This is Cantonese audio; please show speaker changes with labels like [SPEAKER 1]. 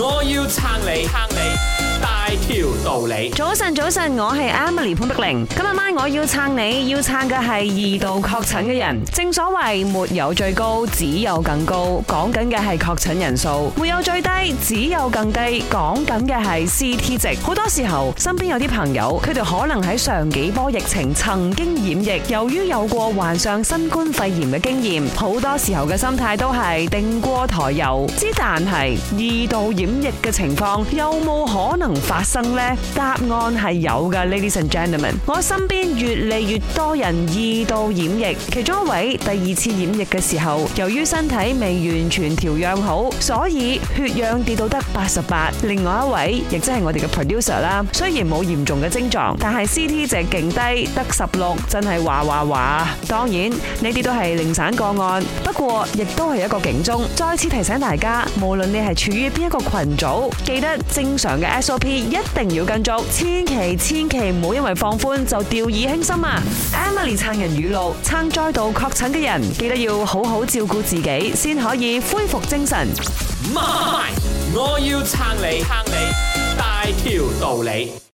[SPEAKER 1] 我要撐你，撐你大條道理。
[SPEAKER 2] 早晨，早晨，我係 Emily 潘碧玲。今日晚我要撐你，要撐嘅係二度確診嘅人。正所謂沒有最高，只有更高，講緊嘅係確診人數；沒有最低，只有更低，講緊嘅係 CT 值。好多時候，身邊有啲朋友，佢哋可能喺上幾波疫情曾經染疫，由於有過患上新冠肺炎嘅經驗，好多時候嘅心態都係定過抬油。之但係二度染疫嘅情況有冇可能發生呢？答案係有噶，Ladies and Gentlemen。我身邊越嚟越多人二度染疫，其中一位第二次染疫嘅時候，由於身體未完全調養好，所以血氧跌到得八十八。另外一位亦即係我哋嘅 Producer 啦，雖然冇嚴重嘅症狀，但係 CT 值勁低得十六，16, 真係嘩嘩嘩。當然呢啲都係零散個案，不過亦都係一個警鐘。再次提醒大家，無論你係處於邊一個群。群記得正常嘅 SOP 一定要跟足，千祈千祈唔好因為放寬就掉以輕心啊！Emily 撐人語錄，撐災到確診嘅人，記得要好好照顧自己，先可以恢復精神。
[SPEAKER 1] 我要撐你，撐你大條道理。